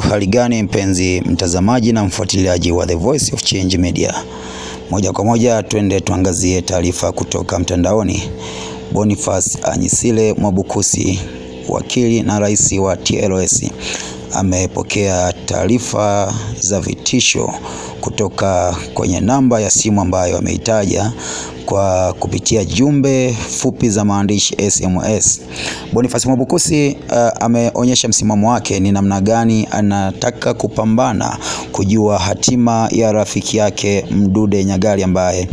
Hali gani mpenzi mtazamaji na mfuatiliaji wa The Voice of Change Media, moja kwa moja twende tuangazie taarifa kutoka mtandaoni. Boniface Anyisile Mwabukusi, wakili na rais wa TLS, amepokea taarifa za vitisho kutoka kwenye namba ya simu ambayo ameitaja kwa kupitia jumbe fupi za maandishi SMS. Boniface Mwabukusi uh, ameonyesha msimamo wake ni namna gani anataka kupambana kujua hatima ya rafiki yake Mdude Nyagali ambaye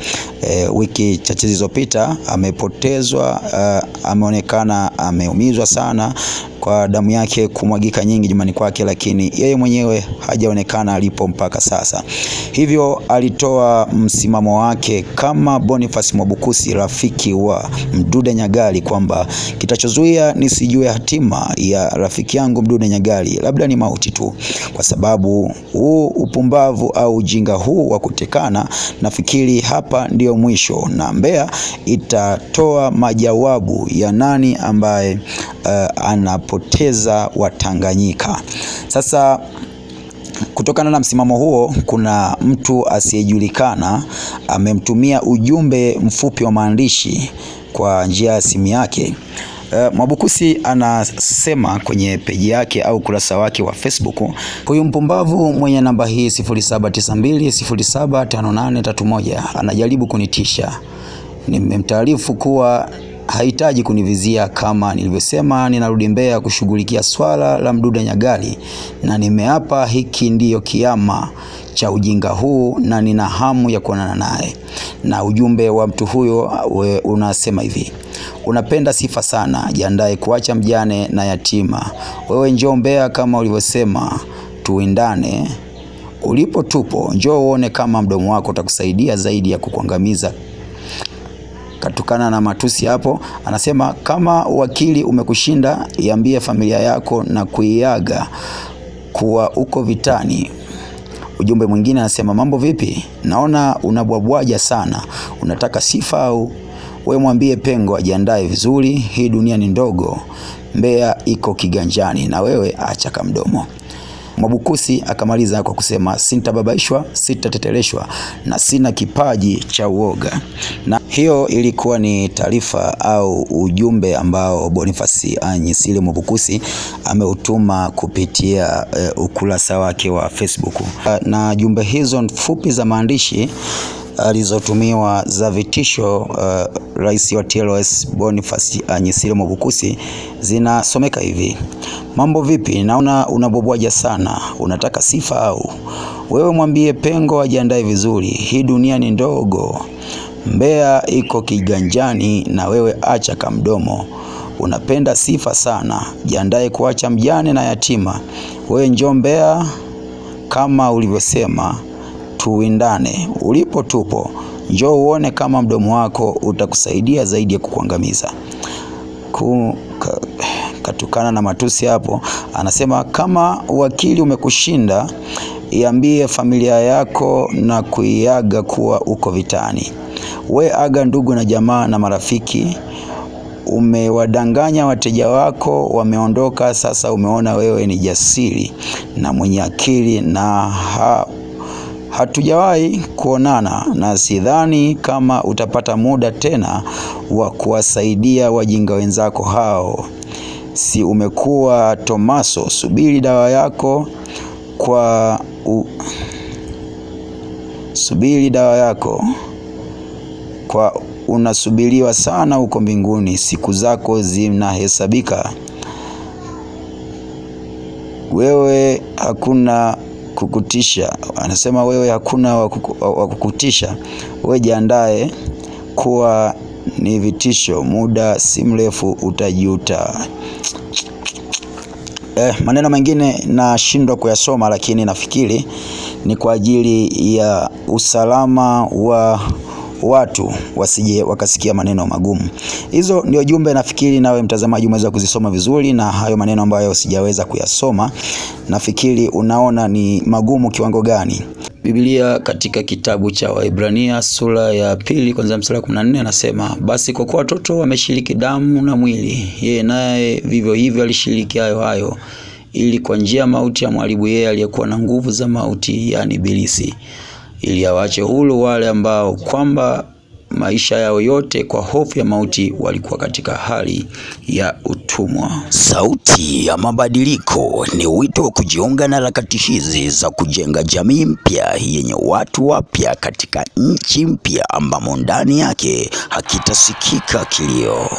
E, wiki chache zilizopita amepotezwa. Uh, ameonekana ameumizwa sana kwa damu yake kumwagika nyingi jumani kwake, lakini yeye mwenyewe hajaonekana alipo mpaka sasa. Hivyo alitoa msimamo wake kama Boniface Julius Mwabukusi, rafiki wa Mdude Nyagali, kwamba kitachozuia nisijue hatima ya rafiki yangu Mdude Nyagali labda ni mauti tu, kwa sababu huu upumbavu au ujinga huu wa kutekana, nafikiri hapa ndiyo mwisho, na Mbeya itatoa majawabu ya nani ambaye uh, anapoteza Watanganyika sasa Kutokana na msimamo huo, kuna mtu asiyejulikana amemtumia ujumbe mfupi wa maandishi kwa njia ya simu yake. Uh, Mwabukusi anasema kwenye peji yake au kurasa wake wa Facebook, huyu mpumbavu mwenye namba hii 0792075831 anajaribu kunitisha. Nimemtaarifu kuwa hahitaji kunivizia. Kama nilivyosema, ninarudi Mbeya kushughulikia swala la Mdude Nyagali, na nimeapa hiki ndiyo kiama cha ujinga huu, na nina hamu ya kuonana naye. Na ujumbe wa mtu huyo uh, we unasema hivi: Unapenda sifa sana, jiandae kuacha mjane na yatima. Wewe njoo Mbeya kama ulivyosema, tuindane. Ulipo tupo, njoo uone kama mdomo wako utakusaidia zaidi ya kukuangamiza katukana na matusi hapo. Anasema kama wakili umekushinda, iambie familia yako na kuiaga kuwa uko vitani. Ujumbe mwingine anasema, mambo vipi? Naona unabwabwaja sana, unataka sifa au? We mwambie Pengo ajiandae vizuri, hii dunia ni ndogo, Mbeya iko kiganjani, na wewe acha kamdomo. Mwabukusi akamaliza kwa kusema sintababaishwa, sitateteleshwa na sina kipaji cha uoga. Na hiyo ilikuwa ni taarifa au ujumbe ambao Bonifasi Anyisile Mwabukusi ameutuma kupitia uh, ukurasa wake wa Facebook. Uh, na jumbe hizo fupi za maandishi alizotumiwa za vitisho uh, rais wa TLS Boniface Anyisiri Mwabukusi zinasomeka hivi: mambo vipi, naona unabobwaja sana, unataka sifa au wewe? Mwambie Pengo ajiandae vizuri, hii dunia ni ndogo, mbea iko kiganjani, na wewe acha kamdomo unapenda sifa sana, jiandae kuacha mjane na yatima. Wewe njoo Mbeya kama ulivyosema tuwindane, ulipo tupo, njoo uone kama mdomo wako utakusaidia zaidi ya kukuangamiza. Ka, katukana na matusi hapo. Anasema kama uwakili umekushinda, iambie familia yako na kuiaga kuwa uko vitani. We aga ndugu na jamaa na marafiki. Umewadanganya wateja wako, wameondoka. Sasa umeona wewe ni jasiri na mwenye akili na ha Hatujawahi kuonana na sidhani kama utapata muda tena wa kuwasaidia wajinga wenzako hao. Si umekuwa Tomaso, subiri dawa yako kwa u... subiri dawa yako kwa unasubiriwa sana huko mbinguni, siku zako zinahesabika. Wewe hakuna kukutisha, anasema wewe hakuna wa kukutisha, wewe jiandae kuwa ni vitisho, muda si mrefu utajuta. Eh, maneno mengine nashindwa kuyasoma, lakini nafikiri ni kwa ajili ya usalama wa watu wasije wakasikia maneno magumu. Hizo ndio jumbe, nafikiri nawe mtazamaji umeweza kuzisoma vizuri, na hayo maneno ambayo sijaweza kuyasoma, nafikiri unaona ni magumu kiwango gani. Biblia katika kitabu cha Waibrania sura ya pili kwanza mstari wa 14 anasema, basi kwa kuwa watoto wameshiriki damu na mwili, yeye naye vivyo hivyo alishiriki hayo hayo, ili kwa njia ya mauti ya mharibu yeye aliyekuwa na nguvu za mauti, yaani Ibilisi ili awache huru wale ambao kwamba maisha yao yote kwa hofu ya mauti walikuwa katika hali ya utumwa. Sauti ya Mabadiliko ni wito wa kujiunga na harakati hizi za kujenga jamii mpya yenye watu wapya katika nchi mpya ambamo ndani yake hakitasikika kilio.